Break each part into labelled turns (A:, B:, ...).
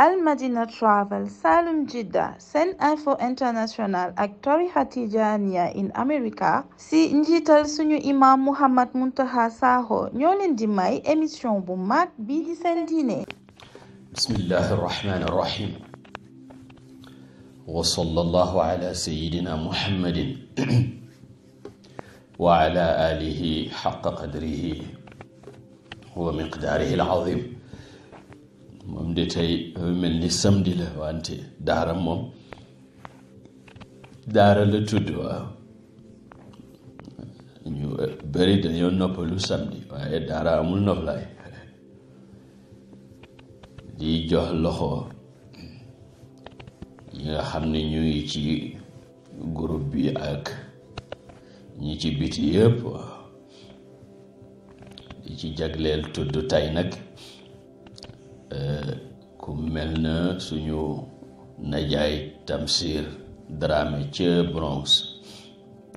A: Al Madina Travel Salum Jidda SeneInfo International ak tarixa Tijaaniya in America si njiital suñu imam Muhammad Muntaqa Sakho ñoo leen di may émission bu mag bii di seen diine bismillahi arrahmani irrahim wa sallallahu ala sayidina muhammadin wa ala alihi xaqa qadrihi wa miqdaarihi alazim moom de tey mel ni samedi la wante daara moom daara la tudd waaw ñu bëri dañoo noppalu samedi waaye daara amul noflaay di jox loxo ñi nga xam ni ñuy ngi ci groupe bi ak ñi ci biti yëpp waaw di ci jagleel tudd tey nag Eh, ku mel na suñu najaay Tamsir Dramé ca Bronx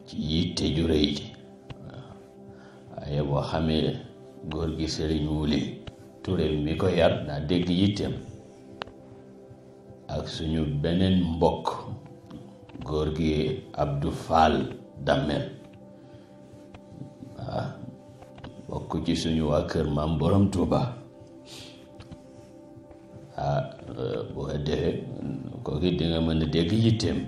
A: ci yitte ju rëy ji waaye boo xamee góor gi Sëriñ Wuli Ture mi ko yar daa dégg yitteem ak suñu beneen mbokk góor gi abdu Fall Damel waaw bokk ci suñu waa kër maam borom Touba. ah bu ko defee kooku mën a dégg yitteem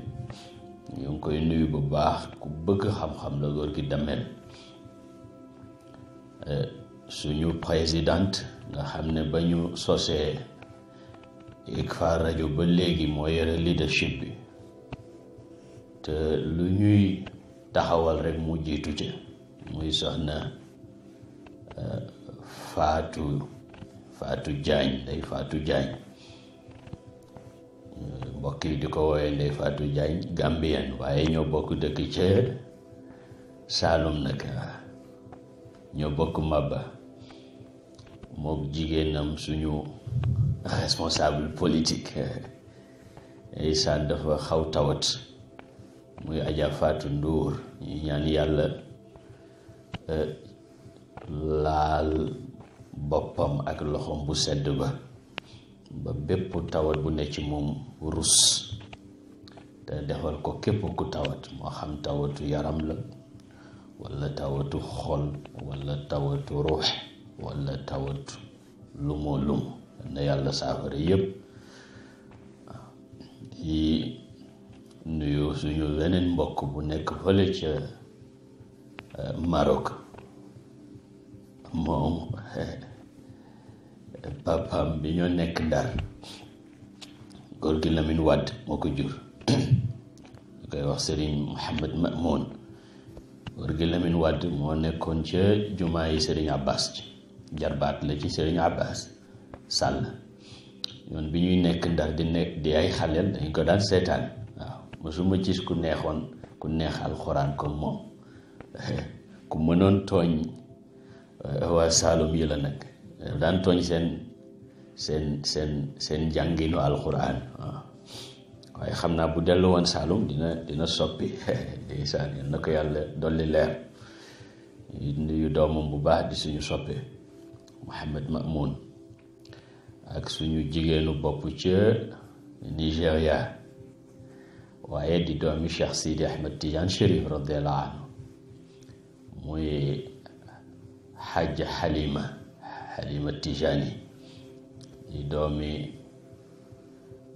A: ñu ngi koy nuyu bu baax ku bëgg xam-xam la góor gi damel eh, suñu présidente nga xam ne ba ñu sosee ICFA rajo ba léegi moo yore leadership bi te lu ñuy taxawal rek mu jiitu ci muy soxna eh, Faatu Faatu Jaañ day Faatu Jaañ bokk yi di ko wooye Ndeye Fatou Diagne Gambien waaye ñoo bokk dëkk ca Saalum nag ñoo bokk Maba mook jigéenam suñu responsable politique ndeysaan dafa xaw tawat muy Adja Fatou Ndour ñu ñaan yàlla e, laal boppam ak loxoom bu sedd ba ba bépp tawat bu ne ci moom rus te defal ko képp ku tawat moo xam tawatu yaram la walla tawatu xol walla tawatu ruux walla tawatu lumo lumo na yàlla saafara yépp yi nuyu suñu weneen mbokk bu nekk fële ca eh, Maroc moom eh, papam bi ñoo nekk ndar góor gi Lamine Wade moo ko jur ñu koy wax Serigne Mouhamed Mamoun góor gi Lamine moo nekkoon ca jumaa yi Serigne Abbas ci jarbaat la ci Serigne Abbas Sall yoon bi ñuy nekk ndax di nekk di ay xaleel dañ ko daan seetaan waaw mosuma gis ku neexoon ku neex alxuraan comme moom ku mënoon tooñ waa Saalum la nag daan tooñ seen seen seen seen jànginu alquran waaw waaye xam naa bu dellu woon Saalum dina dina soppi ndeysaan yal na ko yàlla dolli leer nuyu doomam bu baax di suñu soppe Mouhamed Mamoun ak suñu jigéenu bopp ca Nigéria waaye di doomi Cheikh Sidi Ahmed Tidiane Chérif radiallahu anhu muy xaj Halima Halima Tijani di doomi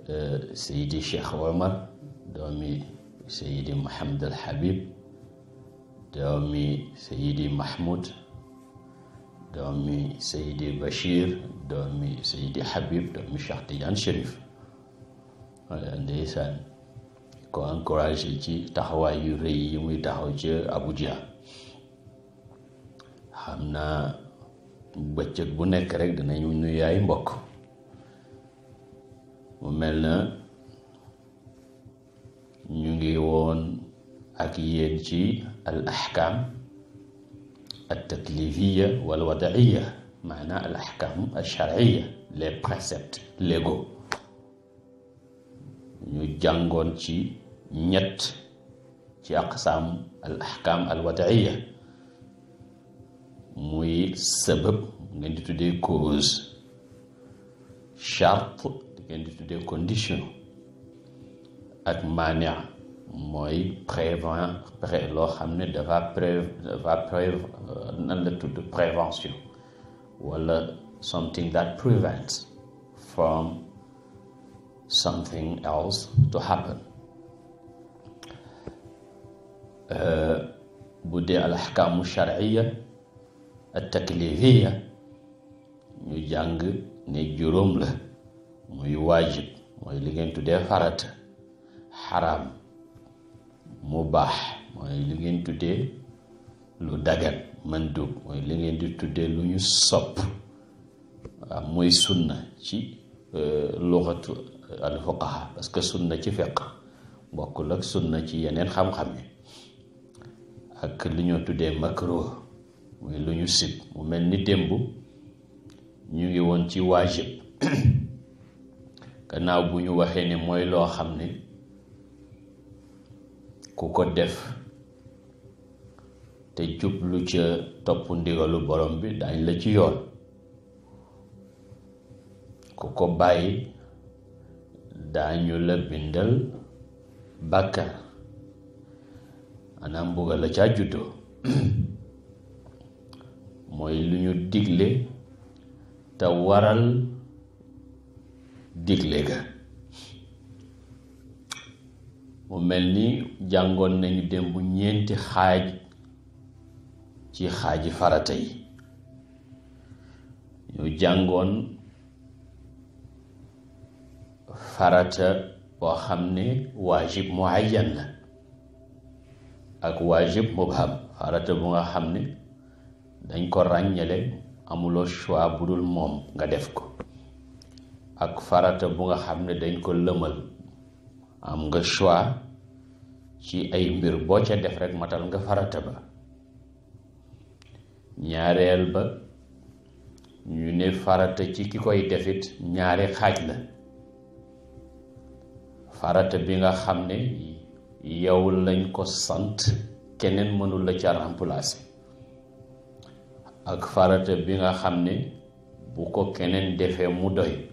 A: e, Seydi Cheikh Omar doomi Seydi Mohamed al Habib doomi Seydi Mahmoud doomi Seydi Bachir doomi Seydi Habib doomi Cheikh Tidiane Chérif ko encouragé ci taxawaay yu rëy muy taxaw ci Abuja xam naa bëccëg bu nekk rek dinañu nuyu ay mbokk mu mel na ñu ngi woon ak yéen ci al axkaam al taklifiya wal wadaiya maanaam les préceptes légaux ñu jàngoon ci ñett ci aqsaam al axkaam al muy sabab nga di tuddee cause charte ngeen di condition ak maania mooy prévent pré loo xam ne dafa pré euh, nan la tudd prévention wala something that prevents from something else to happen euh, bu dee alaxkaamu sharciya at taklifiya ñu jàng ne juróom la muy waajib mooy li ngeen tuddee farat xaraam mu baax mooy li ngeen tuddee lu dagan mandub mooy li ngeen di tuddee lu ñu sopp waaw mooy sunna ci euh, luxatu al fuqaha parce que sunna ci fiqh bokkul ak sunna ci yeneen xam-xam ak li ñoo tuddee makruh muy lu ñu sib mu mel ni démb ñu ngi woon ci waajib gannaaw bu ñu waxee ni mooy loo xam ne ku ko def te jublu ca topp ndigalu borom bi dañ la ci yoon ku ko bàyyi daañu la bindal bàkkar maanaam mbugal la caa juddoo mooy lu ñu digle te waral digle ga mu mel ni jàngoon nañu démb ñeenti xaaj ci xaaji farata yi ñu jàngoon farata boo xam ne waajib muayyan la ak waajib farata bu nga xam ne dañ ko ràññale amuloo choix bu dul moom nga def ko ak farata bu nga xam ne dañ ko lëmal am nga choix ci ay mbir boo ca def rekk matal nga farata ba ñaareel ba ñu ne farata ci ki koy defit ñaari xaaj la farata bi nga xam ne yow lañ ko sant keneen mënul la ca remplacer ak farata bi nga xam ne bu ko keneen defee mu doy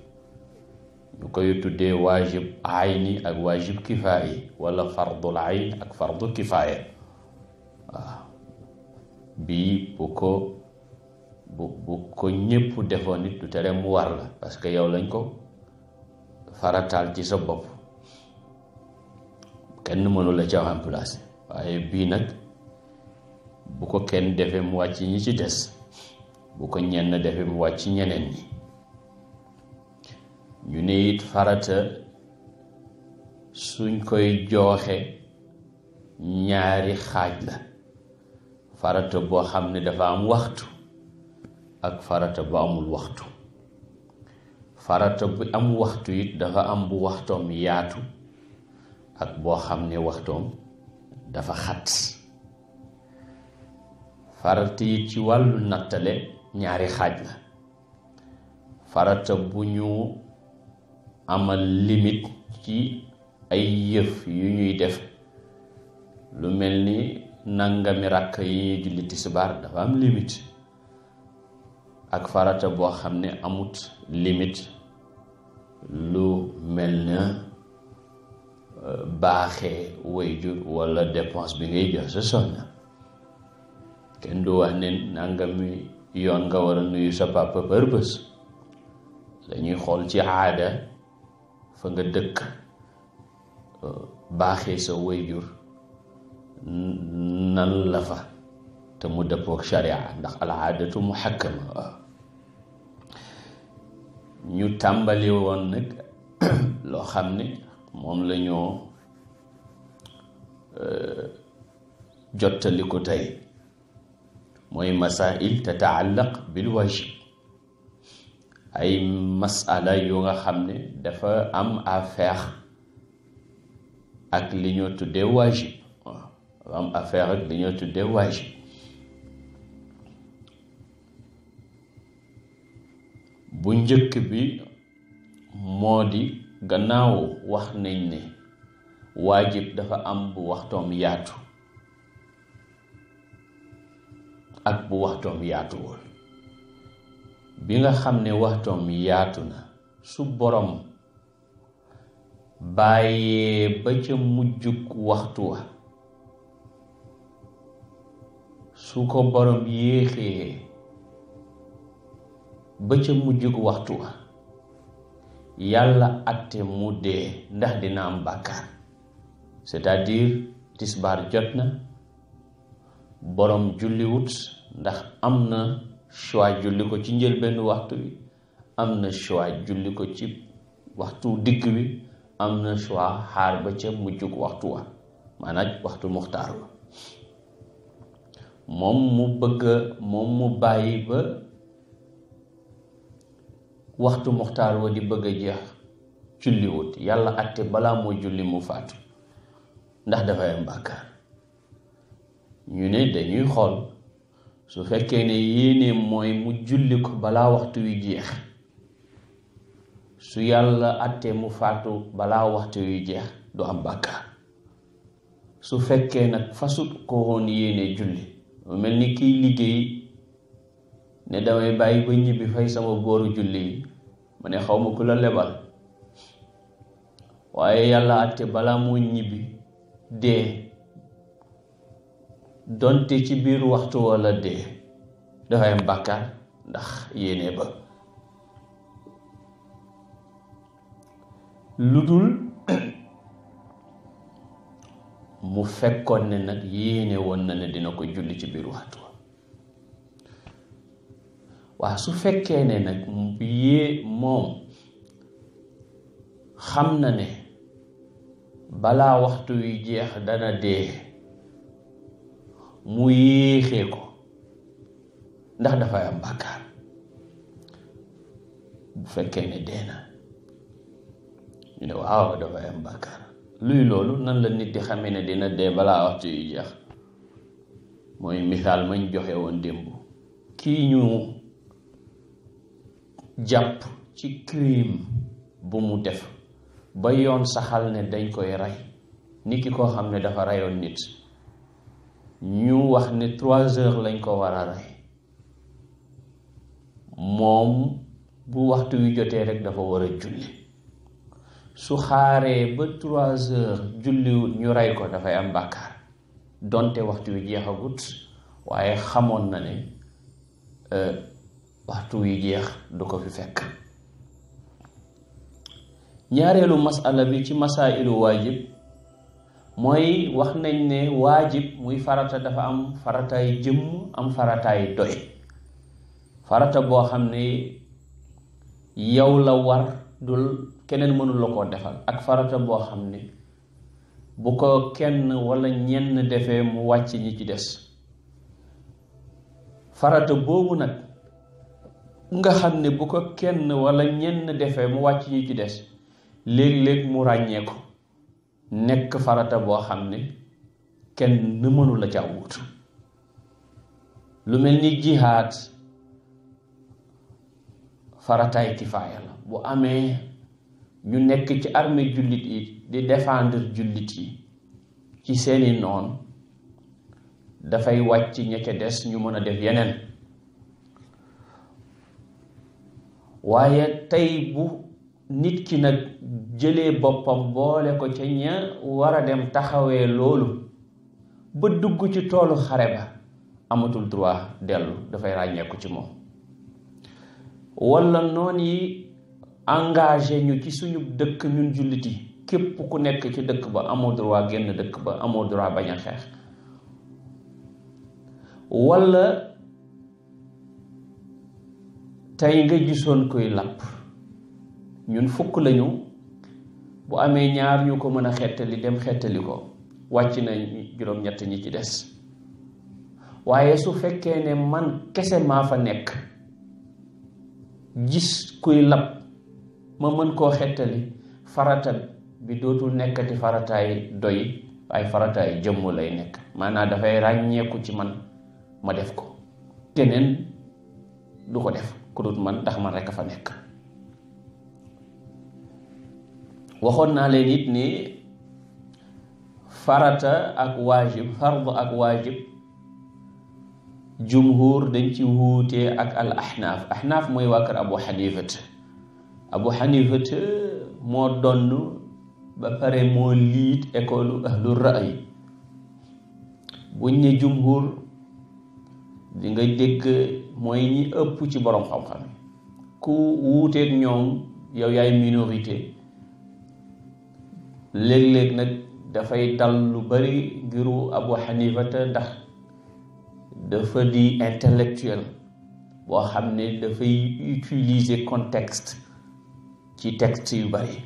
A: ñu koy tuddee waajib ayni ak waajib kifaaya wala fardul ayn ak fardu kifaaya waaw bii bu ko bu bu ko ñépp defoon it du tere mu war la parce que yow lañ ko farataal ci sa bopp kenn mënula la ca remplacer waaye bii nag bu ko kenn defee mu wàcc ñi ci des bu ko ñenn defee mu wàcc ñeneen ñi ñu ne it farata suñ koy jooxee ñaari xaaj la farata boo xam ne dafa am waxtu ak farata bu amul waxtu farata bu am waxtu it dafa am bu waxtoom yaatu ak boo xam ne waxtoom dafa xat farata yi ci wàllu nattale ñaari xaaj la farata bu ñu amal limite ci ay yëf yu ñuy def lu mel ni nangami rakk yi ñuy julli tisbaar dafa am limite ak farata boo xam ne amut limite lu mel na baaxee wayjur walla dépense bi ngay jox sa soxna kenn du wax ne nangami yoon nga war a nuyu sa papa par bés dañuy xool ci aada fa nga dëkk euh, baaxee sa wayjur nan la fa te mu dëppook sharia ndax alaadatu muhakkama waaw ñu tàmbali woon nag loo xam ne moom la ñoo euh, jottali ko tey mooy masail tataallaq bil wajib ay masala yu nga xam ne dafa am affaire ak li ñoo tuddee waajib waaw dafa am affaire ak li ñoo tuddee waajib bu njëkk bi moo di gannaaw wax nañ ne waajib dafa am bu waxtoom yaatu ak bu waxtoom yaatuwul bi nga xam ne waxtoom yaatu na su borom bàyyee ba ca mujjug waxtu wa su ko borom yéexee ba ca mujjug waxtu wa yàlla atte mu dee ndax dina am bàkkaar c'est-à-dire tisbaar jot na borom julliwut ndax am na choix julli ko ci njëlbenn waxtu bi am na choix julli ko ci waxtu digg bi am na choix xaar ba ca mujjug waxtu wa maanaam waxtu muxtaar wa moom mu bëgg moom mu bàyyi ba waxtu muxtaar wa di bëgg a jeex julliwut yàlla atte balaa moo julli mu faatu ndax dafay am ñu ne dañuy xool su fekkee ne yéene mooy mu julli ko balaa waxtu wi jeex su yàlla àttee mu faatu balaa waxtu wi jeex du am bàkkaar su fekkee nag fasut ko woon yéene julli mu mel ni kiy liggéey ne damay bàyyi ba ñibbi fay sama booru julli yi ma ne xaw ma ku la lebal waaye yàlla àtte balaa moo ñibbi dee donte ci biir waxtu wala dee dafay am bàkkaar ndax yéene ba lu dul mu fekkoon ne nag yéene woon na ne dina ko julli ci biir waxtu waa su fekkee ne nag yée moom xam na ne balaa waxtu wi jeex dana dee mu yéexee ko ndax dafay am bàkkaar bu fekkee ne dee na ñu ne waaw dafay am bàkkaar luy loolu nan la nit di xame ne dina dee balaa waxtu yu jeex mooy misaal mañ joxe woon démb kii ñu jàpp ci crime bu mu def ba yoon saxal ne dañ koy rey nit ki koo xam ne dafa reyoon nit ñu wax ne trois heures lañ ko war a rey moom bu waxtu wi jotee rek dafa war a julli su xaaree ba trois heures julliwut ñu rey ko dafay am bàkkaar donte waxtu wi jeexagut waaye xamoon na ne euh, waxtu wi jeex du ko fi fekk ñaareelu masala bi ci masailu waajib mooy wax nañ ne waajib muy farata dafa am farataay jëmm am farataay doy farata boo xam ne yow la war dul keneen mënul la koo defal ak farata boo xam ne bu ko kenn wala ñenn defee mu wàcc ñi ci des farata boobu nag nga xam ne bu ko kenn wala ñenn defee mu wàcc ñi ci des léeg-léeg mu ràññee ko nekk farata boo xam ne kenn mënu mënula caa wut lu mel ni jihaad farataay kifaaya la bu amee ñu nekk ci armée jullit yi di défendre jullit yi ci seeni noon dafay wàcc ña ca des ñu mën a def yeneen waaye tey bu nit ki nag jële boppam boole ko ca ña war a dem taxawee loolu ba dugg ci toolu xare ba amatul droit dellu dafay ràññeeku ci moom wala noon yi engagé ñu ci suñu dëkk ñun jullit yi képp ku nekk ci dëkk ba amoo droit génn dëkk ba amoo droit bañ a xeex wala tey nga gisoon koy làpp ñun fukk lañu bu amee ñaar ñu ko mën a xettali dem xettali ko wàcc na juróom-ñett ñi ci des waaye su fekkee ne man kese maa fa nekk gis kuy lab ma mën koo xettali farata bi dootul nekkati farataay doy waaye farataay jëmm lay nekk maanaa dafay ràññeeku ci man ma def ko keneen du ko def ku dut man ndax man rekk a fa nekk waxoon naa leen it ni farata ak waajib fard ak waajib jumhur dañ ci wuutee ak al ahnaaf ahnaaf mooy waa kër abu xanifat abu xanifat moo donn ba pare moo liit école ahlu raay buñ ne jumhur di nga dégg mooy ñi ëpp ci borom xam-xam ku wuuteeg ñoom yow yaay minorité léeg-léeg nag dafay dal lu bari ngiru Abu Hanifata ndax dafa di intellectuel boo xam ne dafay utiliser contexte ci texte yu bari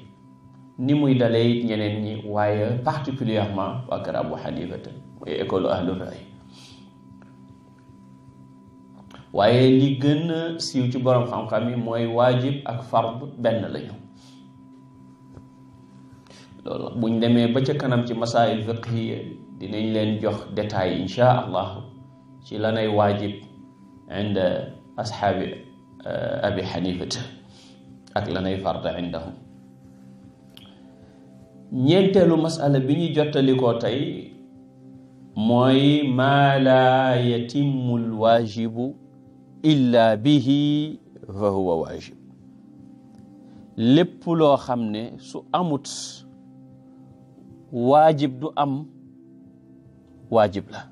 A: ni muy dalee it ñeneen ñi waaye particulièrement waa kër Abu Hanifata mooy école ahlu raay waaye li gën a siiw ci borom xam-xam yi mooy waajib ak fard benn lañu loolu buñ demee ba ca kanam ci masail fiqhiya dinañ leen jox détail insha allah ci lanay waajib inda ashaabi eh, abi xanifata ak lanay farda indahum ñeenteelu masala bi ñu jottalikoo tey mooy maa laa yatimu alwaajibu illa bihi fa huwa waajib lépp loo xam ne su amut waajib du am waajib la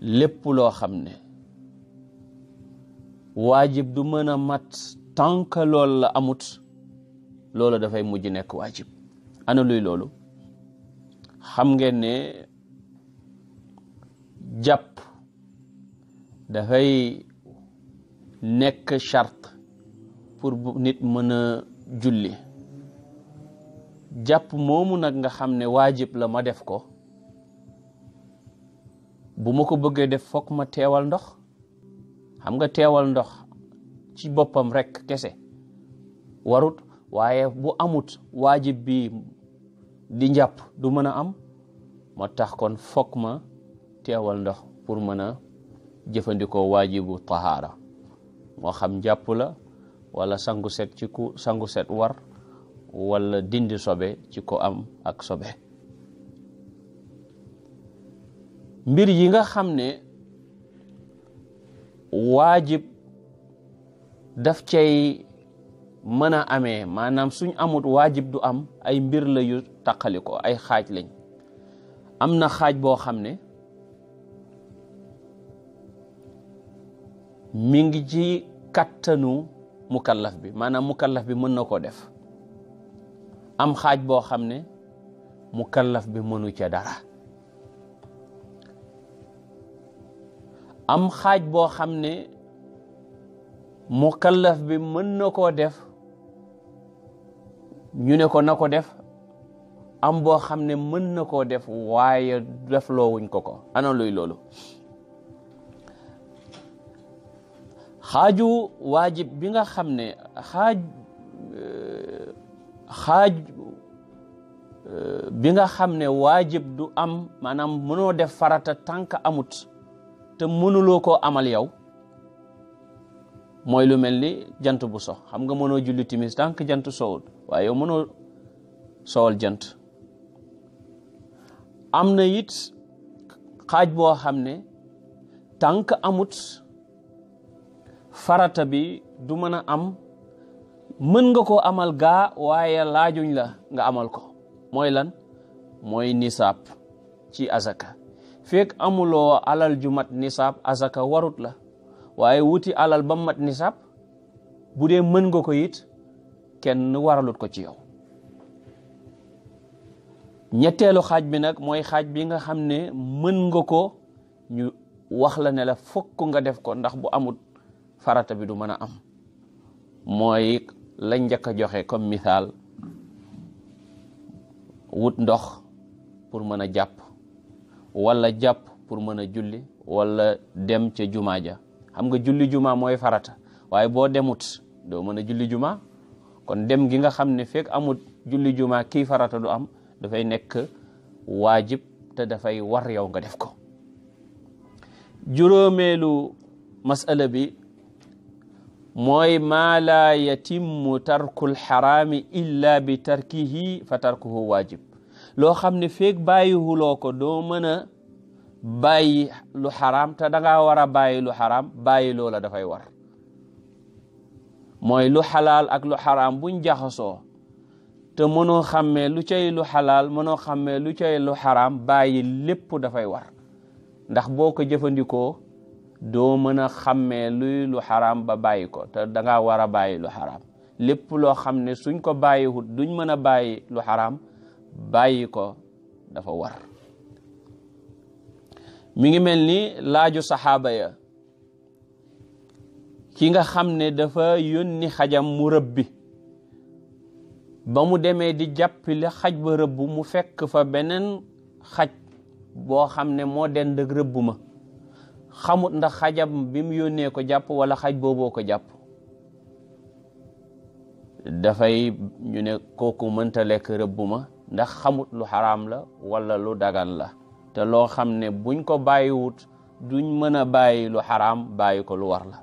A: lépp loo xam ne waajib du mën a mat tànk lool la amut loolu dafay mujj nekk waajib ana luy loolu xam ngeen ne jàpp dafay nekk charte pour bu nit mën a julli jàpp moomu nag nga xam ne waajib la ma def ko bu ma ko bëggee def foog ma teewal ndox xam nga teewal ndox ci boppam rekk kese warut waaye bu amut waajib bi di njàpp du mën a am moo tax kon fok ma teewal ndox pour mën a jëfandikoo waajibu tahaara moo xam njàpp la wala sangu set ci ku sangu set war wala dindi sobe ci ko am ak sobe mbir yi nga xam ne waajib daf cay mën a amee maanaam suñ amut waajib du am ay mbir la yu taqali ko ay xaaj lañ am na xaaj boo xam ne mi ngi ci kattanu mukallaf bi maanaam mukallaf bi mën na koo def am xaaj boo xam ne mu kallaf bi mënu ca dara am xaaj boo xam ne mu kallaf bi mën na koo def ñu ne ko na ko def am boo xam ne mën na koo def waaye def loowuñ ko ko ana luy loolu xaaju waajib bi nga xam ne xaaj xaaj bi nga xam ne waajib du am maanaam mënoo def farata tànk amut te mënuloo ko amal yow mooy lu mel ni jant bu so xam nga mënoo julli timis tànk jant sowul waaye yow mënoo sowal jant am na it xaaj boo xam ne tànk amut farata bi du mën a am mën nga ko amal gaa waaye laajuñ la nga amal ko mooy lan mooy nisaab ci azaka fekk amuloo alal ju mat nisaab azaka warut la waaye wuti alal ba mat nisaab bu dee mën nga ko it kenn waralut ko ci yow ñetteelu xaaj bi nag mooy xaaj bi nga xam ne mën nga ko ñu wax la ne la fokk nga def ko ndax bu amut farata bi du mën a am mooy lañ njëkk a joxe comme misaal wut ndox pour mën a jàpp walla jàpp pour mën a julli wala dem ca jumaa ja xam nga julli jumaa mooy farata waaye boo demut doo mën a julli juma kon dem gi nga xam ne fekk amut julli jumaa kii farata du am dafay nekk waajib te dafay war yow nga def ko juróomeelu masala bi mooy ma laa yatimmu tarkul xaraami illa bi tarkihi fa tarkuhu waajib loo xam ne feeg bàyyiwuloo ko doo mën a bàyyi lu xaraam te da ngaa war a bàyyi lu xaraam la dafay war mooy lu xalaal ak lu xaraam buñ jaxasoo te mënoo xàmmee lu cay lu xalaal mënoo xàmmee lu cay lu xaraam bàyyi lépp dafay war ndax boo ko jëfandikoo doo mën a xàmmee luy lu xaraam ba bàyyi ko te da war a bàyyi lu xaraam lépp loo xam ne suñ ko bàyyiwut duñ mën a bàyyi lu xaraam bàyyi ko dafa war mu ngi mel ni laaju saxaaba ya ki nga xam ne dafa yónni xajam mu rëbbi ba mu demee di jàppi xaj ba rëbb mu fekk fa beneen xaj boo xam ne moo dend ak rëbb ma xamut ndax xajam bi mu yónnee ko jàpp wala xaj booboo ko jàpp dafay ñu ne kooku mënta lekk rëbb ma ndax xamut lu xaram la walla lu dagan la te loo xam ne buñ ko bàyyiwut duñ mën a bàyyi lu xaraam bàyyi ko lu war la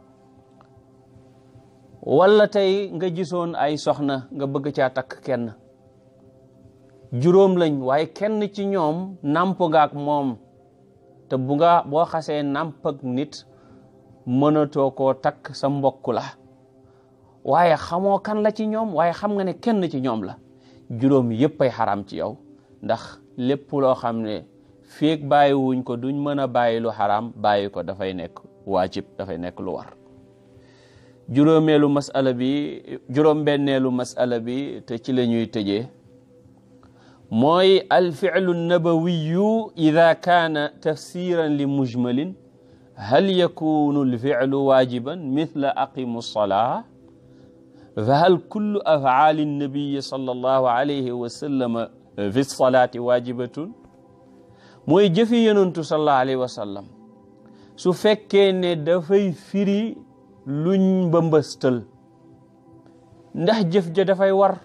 A: wala tey nga jisoon ay soxna nga bëgg caa takk kenn juróom lañ waaye kenn ci ñoom namp nga moom te bu nga boo xasee nampak ak nit mënatoo koo takk sa mbokk la waaye xamoo kan la ci ñoom waaye xam nga ne kenn ci ñoom la juróom yëpp ay xaram ci yow ndax lépp loo xam ne feeg bàyyi wuñ ko duñ mën a bàyyi lu xaram bàyyi ko dafay nekk waajib dafay nekk lu war juróomeelu masala bi juróom benneelu masala bi te ci la tëje mooy alficlu nabawiyu ida kaana tafsiran li mujmalin hal yakunu alficlu waajiban mithla aqimu salaa fa hal kullu afcaali nabiyi sallallahu alayhi wa sallama eh, fi salaati waajibatun mooy jëfi yonentu sallallahu alayhi wa sallam su fekkee ne dafay firi luñ ba mbëstal ndax jëf ja dafay war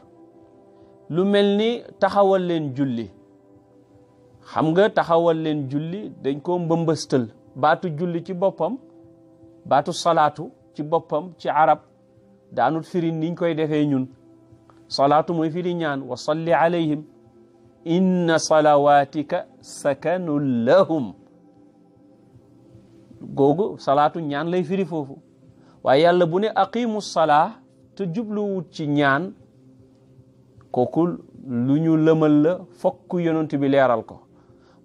A: lu mel ni taxawal leen julli xam nga taxawal leen julli dañ ko mbëmbëstal baatu julli ci boppam baatu salaatu ci boppam ci arab daanut firi niñ koy defee ñun salaatu mooy firi ñaan wa salli alayhim inna salawatika sakanun lahum googu salaatu ñaan lay firi foofu waaye yàlla bu ne aqimu salaa te jubluwut ci ñaan kooku lu ñu lëmal la fokk yonent bi leeral ko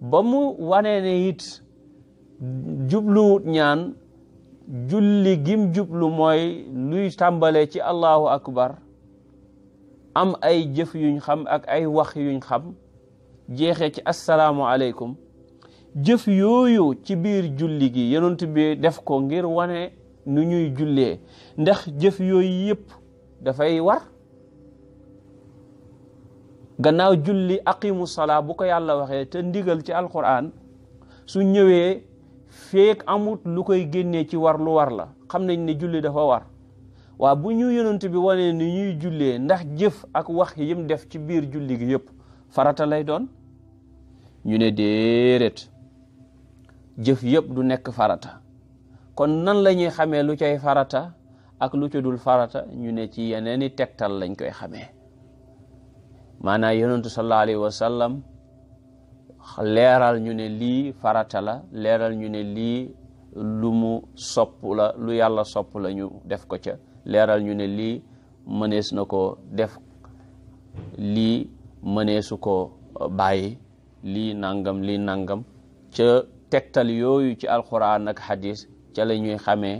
A: ba mu wanee ne it jubluwut ñaan julli gim jublu mooy luy tàmbale ci allahu akbar am ay jëf yuñ xam ak ay wax yuñ xam jeexee ci asalaamualeykum jëf yooyu ci biir julli gi yonent bi def ko ngir wane nu ñuy jullee ndax jëf yooyu yëpp dafay war gannaaw julli aqimu salaa bu ko yàlla waxee te ndigal ci alquran su ñëwee feek amut lu koy génnee ci war lu war la xam nañ ne julli dafa war waa bu ñu yonent bi wanee ni ñuy jullee ndax jëf ak wax yim def ci biir julli gi yëpp farata lay doon ñu ne déedéet jëf yëpp du nekk farata kon nan lañuy xamee lu cay farata ak lu ca dul farata ñu ne ci yeneeni tegtal lañ koy xamee maanaam yonentu sallallahu alayhi wa sallam leeral ñu ne lii farata la leeral ñu ne lii lu mu sopp la lu yàlla soppu la ñu def ko ca leeral ñu ne lii mënees na ko def lii mëneesu ko bàyyi lii nangam lii nangam ca tegtal yooyu ci alquran ak hadis ca la ñuy xamee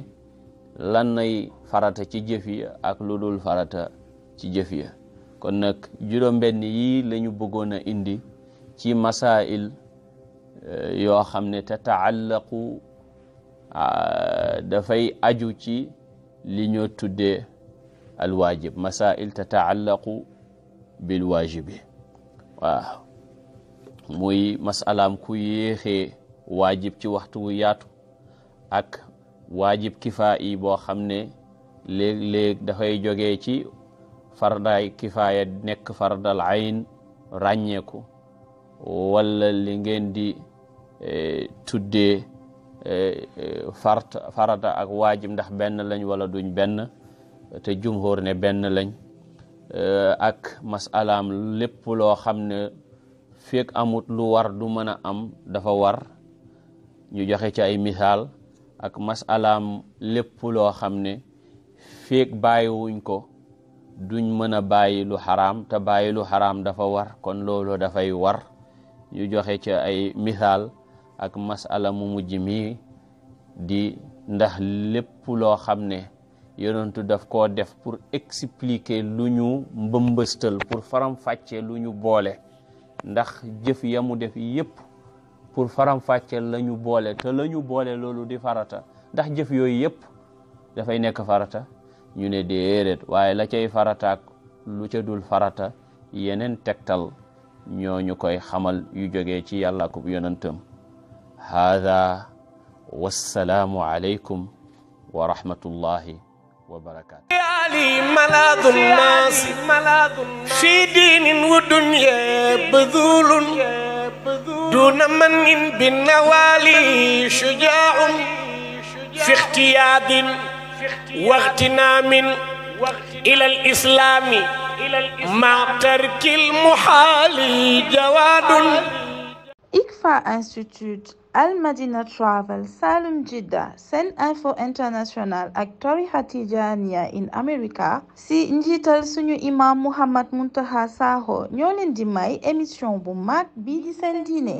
A: lan nay farata ci jëf yi ak lu dul farata ci jëf ya kon nag juróom-benn yi la ñu bëggoon a indi ci masail euh, yoo xam ne tataallaqu euh, dafay aju ci li ñoo tuddee alwaajib masail tataallaqu bil waajibi waaw muy masalaam ku yéexee waajib ci waxtu wu yaatu ak waajib kifaa yi boo xam ne léeg-léeg dafay jógee ci fardaay kifaaya nekk fardal ayn ràññeeku wala li ngeen di e, tuddee e, e, fart farata ak waajib ndax benn lañ wala duñ benn te jumhur ne benn lañ ak masalaam lépp loo xam ne feek amut lu war du mën a am dafa war ñu joxe ci ay misaal ak masalaam lépp loo xam ne feek bàyyiwuñ ko duñ mën a bàyyi lu xaraam te bàyyi lu xaraam dafa war kon loolu dafay war ñu joxe ci ay misaal ak masala mu mujj mi di ndax lépp loo xam ne yonentu daf koo def pour expliquer lu ñu mbëmbëstal pour faram-fàcce lu ñu boole ndax jëf ya mu def yépp pour faram-fàcce la ñu boole te la ñu boole loolu di farata ndax jëf yooyu yépp dafay nekk farata ñu ne déedéet waaye la cay farataak lu ca dul farata yeneen tegtal ñooñu koy xamal yu jógee ci yàlla akub yonantam haada wassalaamu aleykum wa rahmatullahi wa barakaatu ali malaadu naas fi diinin wa dunya badulun duna manin bi nawaali fi ixtiyaadin واغتنا من إلى الإسلام مع ترك المحال جواد ICFA Institute Al Madina Travel Salum Jidda Sen Info International ak tarixa Tijaaniya in America si njiital suñu imam Mouhamed Muntaha Sakho ñoo di may émission bu mag bii di seen diine